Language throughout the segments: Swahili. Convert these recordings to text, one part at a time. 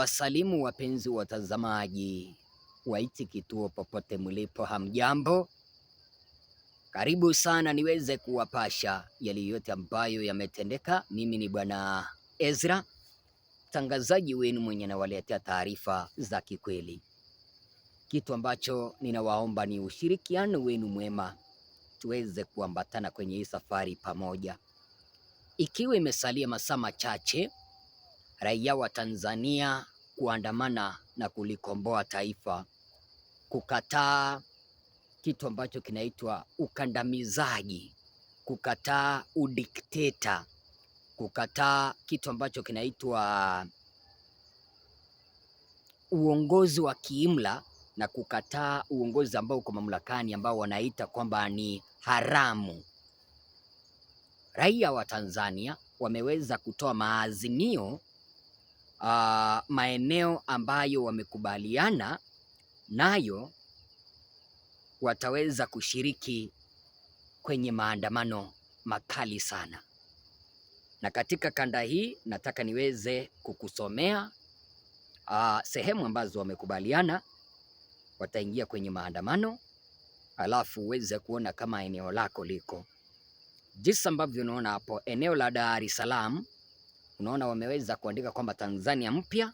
Nawasalimu wapenzi watazamaji waiti kituo popote mlipo, hamjambo? Karibu sana niweze kuwapasha yale yote ambayo yametendeka. Mimi ni bwana Ezra, mtangazaji wenu mwenye nawaletea taarifa za kikweli. Kitu ambacho ninawaomba ni ushirikiano wenu mwema, tuweze kuambatana kwenye hii safari pamoja, ikiwa imesalia masaa machache raia wa Tanzania kuandamana na kulikomboa taifa, kukataa kitu ambacho kinaitwa ukandamizaji, kukataa udikteta, kukataa kitu ambacho kinaitwa uongozi wa kiimla na kukataa uongozi ambao uko mamlakani ambao wanaita kwamba ni haramu. Raia wa Tanzania wameweza kutoa maazimio uh, maeneo ambayo wamekubaliana nayo wataweza kushiriki kwenye maandamano makali sana. Na katika kanda hii nataka niweze kukusomea uh, sehemu ambazo wamekubaliana wataingia kwenye maandamano, alafu uweze kuona kama eneo lako liko jinsi ambavyo unaona hapo, eneo la Dar es Salaam unaona wameweza kuandika kwamba Tanzania mpya,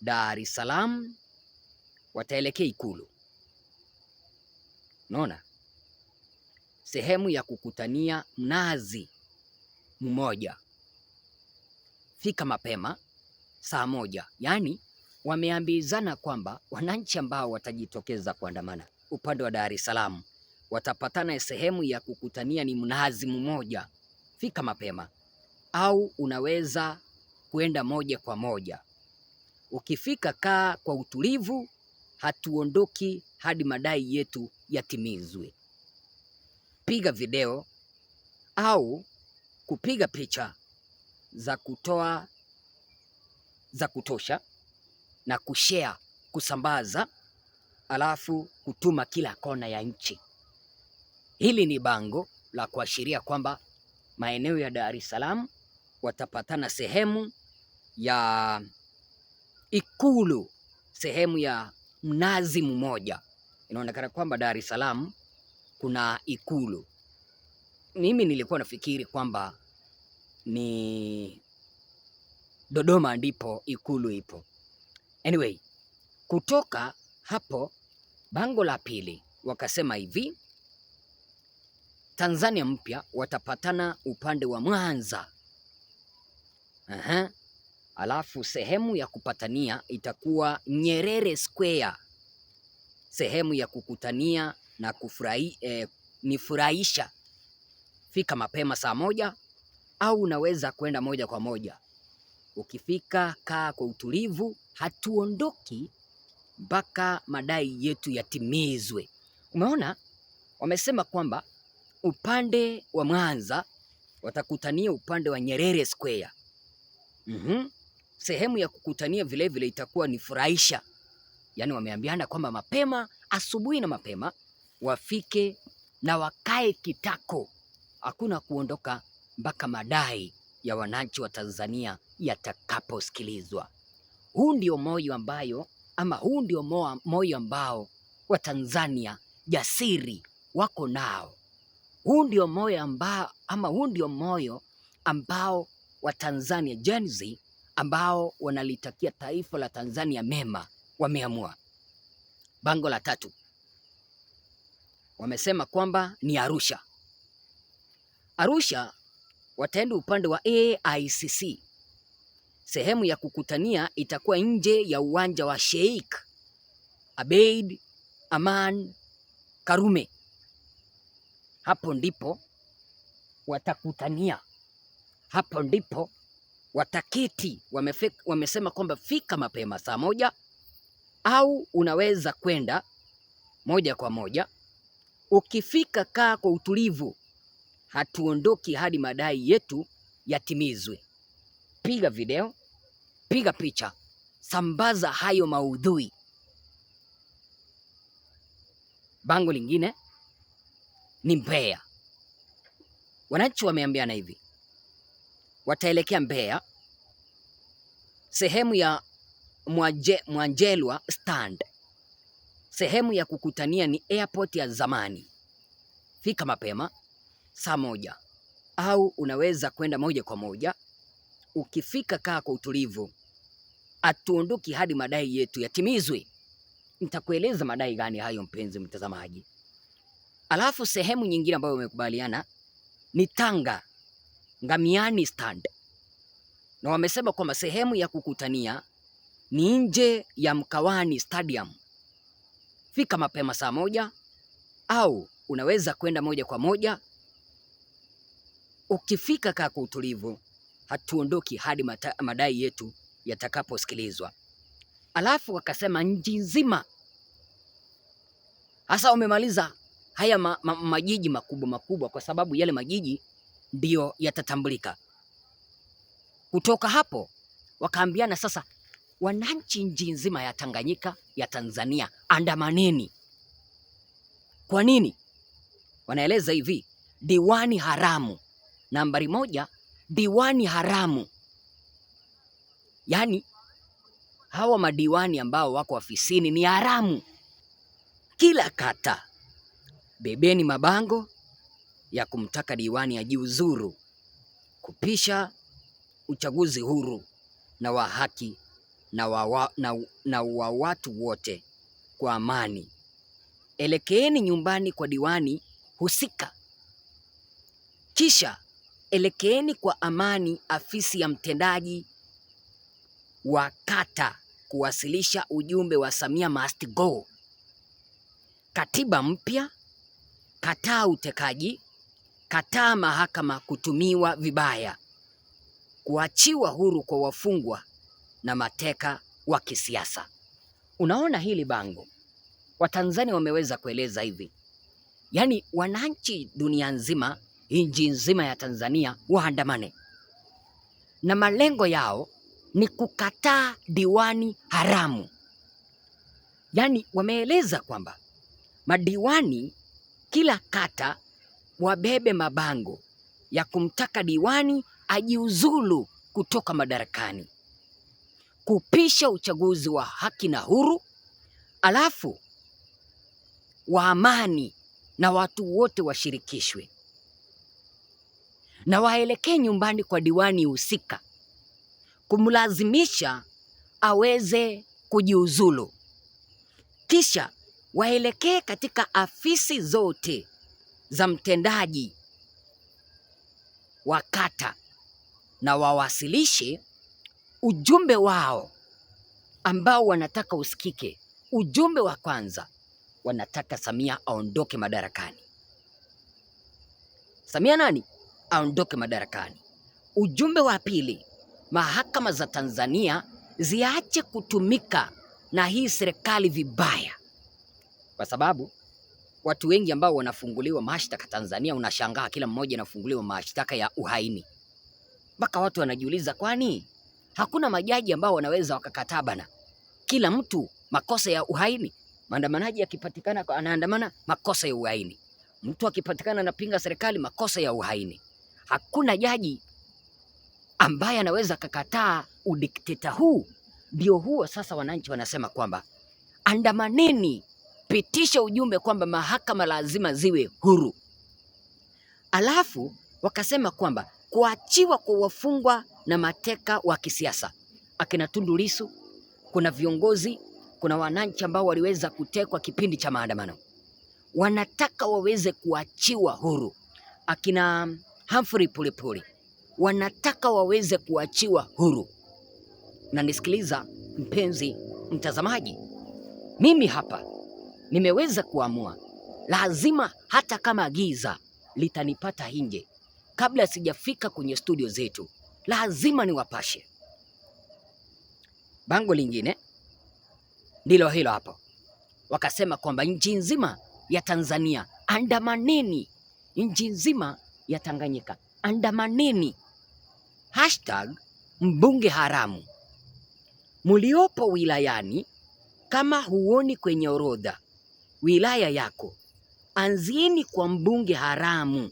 Dar es Salaam, wataelekea Ikulu. Unaona sehemu ya kukutania mnazi mmoja, fika mapema saa moja. Yaani wameambizana kwamba wananchi ambao watajitokeza kuandamana upande wa Dar es Salaam watapatana sehemu ya kukutania ni mnazi mmoja, fika mapema au unaweza kwenda moja kwa moja. Ukifika kaa kwa utulivu, hatuondoki hadi madai yetu yatimizwe. Piga video au kupiga picha za kutoa za kutosha na kushare, kusambaza, alafu kutuma kila kona ya nchi. Hili ni bango la kuashiria kwamba maeneo ya Dar es Salaam watapatana sehemu ya Ikulu, sehemu ya mnazi mmoja. Inaonekana kwamba Dar es Salaam kuna ikulu. Mimi nilikuwa nafikiri kwamba ni Dodoma ndipo ikulu ipo. Anyway, kutoka hapo bango la pili wakasema hivi Tanzania mpya watapatana upande wa Mwanza. Aha. Alafu sehemu ya kupatania itakuwa Nyerere Square, sehemu ya kukutania na kufurahi, eh, nifurahisha. Fika mapema saa moja au unaweza kwenda moja kwa moja. Ukifika kaa kwa utulivu, hatuondoki mpaka madai yetu yatimizwe. Umeona, wamesema kwamba upande wa Mwanza watakutania upande wa Nyerere Square mm -hmm. Sehemu ya kukutania vilevile vile itakuwa ni furahisha, yaani wameambiana kwamba mapema asubuhi na mapema wafike na wakae kitako, hakuna kuondoka mpaka madai ya wananchi wa Tanzania yatakaposikilizwa. Huu ndio moyo ambayo ama huu ndio moyo ambao Watanzania jasiri wako nao. Huu ndio moyo ambao ama huu ndio moyo ambao wa Tanzania Gen Z ambao wanalitakia taifa la Tanzania mema wameamua. Bango la tatu wamesema kwamba ni Arusha. Arusha wataenda upande wa AICC. Sehemu ya kukutania itakuwa nje ya uwanja wa Sheikh Abeid Aman Karume. Hapo ndipo watakutania. Hapo ndipo wataketi wamefika, wamesema kwamba fika mapema saa moja au unaweza kwenda moja kwa moja. Ukifika kaa kwa utulivu, hatuondoki hadi madai yetu yatimizwe. Piga video, piga picha, sambaza hayo maudhui. Bango lingine ni Mbeya, wananchi wameambiana hivi wataelekea Mbeya sehemu ya Mwaje, Mwanjelwa stand. Sehemu ya kukutania ni airport ya zamani. Fika mapema saa moja au unaweza kwenda moja kwa moja. Ukifika kaa kwa utulivu, atuondoki hadi madai yetu yatimizwe. Nitakueleza madai gani hayo, mpenzi mtazamaji. Alafu sehemu nyingine ambayo umekubaliana ni Tanga. Ngamiani Stand, na wamesema kwamba sehemu ya kukutania ni nje ya Mkawani Stadium. Fika mapema saa moja au unaweza kwenda moja kwa moja. Ukifika kaa kwa utulivu, hatuondoki hadi madai yetu yatakaposikilizwa. Alafu wakasema nchi nzima hasa wamemaliza haya ma ma majiji makubwa makubwa, kwa sababu yale majiji ndiyo yatatambulika. Kutoka hapo wakaambiana sasa, wananchi nchi nzima ya Tanganyika ya Tanzania, andamaneni. Kwa nini? Wanaeleza hivi, diwani haramu nambari moja, diwani haramu, yaani hawa madiwani ambao wako ofisini ni haramu. Kila kata, bebeni mabango ya kumtaka diwani ajiuzuru kupisha uchaguzi huru na wa haki na wa, wa, na, na wa watu wote kwa amani. Elekeeni nyumbani kwa diwani husika, kisha elekeeni kwa amani afisi ya mtendaji wa kata kuwasilisha ujumbe wa Samia Must Go, katiba mpya, kataa utekaji Kataa mahakama kutumiwa vibaya, kuachiwa huru kwa wafungwa na mateka wa kisiasa. Unaona hili bango, Watanzania wameweza kueleza hivi, yaani wananchi dunia nzima, nchi nzima ya Tanzania waandamane, na malengo yao ni kukataa diwani haramu. Yaani wameeleza kwamba madiwani kila kata wabebe mabango ya kumtaka diwani ajiuzulu kutoka madarakani, kupisha uchaguzi wa haki na huru, alafu wa amani na watu wote washirikishwe, na waelekee nyumbani kwa diwani husika kumlazimisha aweze kujiuzulu, kisha waelekee katika afisi zote za mtendaji wa kata na wawasilishe ujumbe wao ambao wanataka usikike. Ujumbe wa kwanza wanataka Samia aondoke madarakani. Samia nani? Aondoke madarakani. Ujumbe wa pili, mahakama za Tanzania ziache kutumika na hii serikali vibaya, kwa sababu watu wengi ambao wanafunguliwa mashtaka Tanzania, unashangaa kila mmoja anafunguliwa mashtaka ya uhaini, mpaka watu wanajiuliza, kwani hakuna majaji ambao wanaweza wakakataa bana kila mtu makosa ya uhaini? Maandamanaji akipatikana anaandamana makosa ya uhaini, mtu akipatikana anapinga serikali makosa ya uhaini. Hakuna jaji ambaye anaweza akakataa udikteta huu. Ndio huo sasa wananchi wanasema kwamba andamaneni kupitisha ujumbe kwamba mahakama lazima ziwe huru. Alafu wakasema kwamba kuachiwa kwa wafungwa na mateka wa kisiasa akina Tundu Lissu, kuna viongozi, kuna wananchi ambao waliweza kutekwa kipindi cha maandamano, wanataka waweze kuachiwa huru. Akina um, Humphrey Polepole wanataka waweze kuachiwa huru. Na nisikiliza mpenzi mtazamaji, mimi hapa nimeweza kuamua, lazima hata kama giza litanipata nje, kabla sijafika kwenye studio zetu, lazima niwapashe. Bango lingine ndilo hilo hapo, wakasema kwamba nchi nzima ya Tanzania andamaneni, nchi nzima ya Tanganyika andamaneni, hashtag mbunge haramu muliopo wilayani, kama huoni kwenye orodha wilaya yako, anzini kwa mbunge haramu,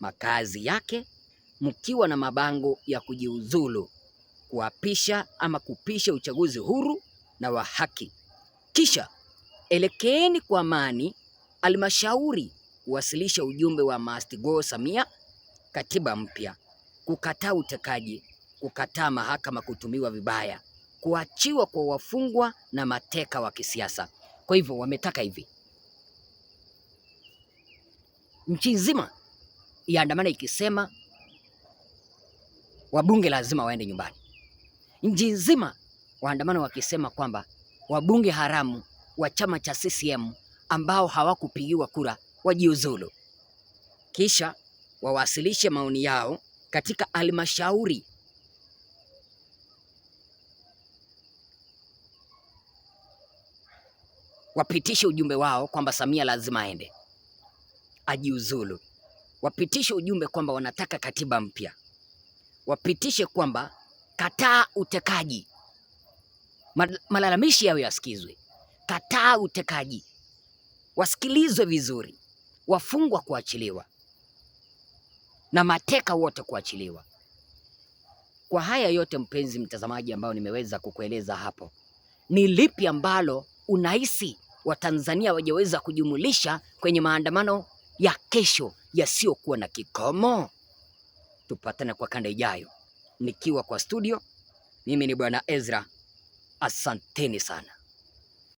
makazi yake, mkiwa na mabango ya kujiuzulu, kuapisha ama kupisha uchaguzi huru na wa haki. Kisha elekeeni kwa amani almashauri kuwasilisha ujumbe wa Must Go Samia, katiba mpya, kukataa utekaji, kukataa mahakama kutumiwa vibaya, kuachiwa kwa wafungwa na mateka wa kisiasa. Kwa hivyo wametaka hivi nchi nzima iandamana ikisema wabunge lazima waende nyumbani, nchi nzima waandamana wakisema kwamba wabunge haramu wa chama cha CCM ambao hawakupigiwa kura wajiuzulu, kisha wawasilishe maoni yao katika halmashauri wapitishe ujumbe wao kwamba Samia lazima aende ajiuzulu, wapitishe ujumbe kwamba wanataka katiba mpya, wapitishe kwamba kataa utekaji, malalamishi yao yasikizwe, kataa utekaji, wasikilizwe vizuri, wafungwa kuachiliwa na mateka wote kuachiliwa. Kwa haya yote, mpenzi mtazamaji, ambao nimeweza kukueleza hapo, ni lipi ambalo unahisi Watanzania wajaweza kujumulisha kwenye maandamano ya kesho yasiyokuwa na kikomo. Tupatane kwa kanda ijayo, nikiwa kwa studio. Mimi ni Bwana Ezra, asanteni sana.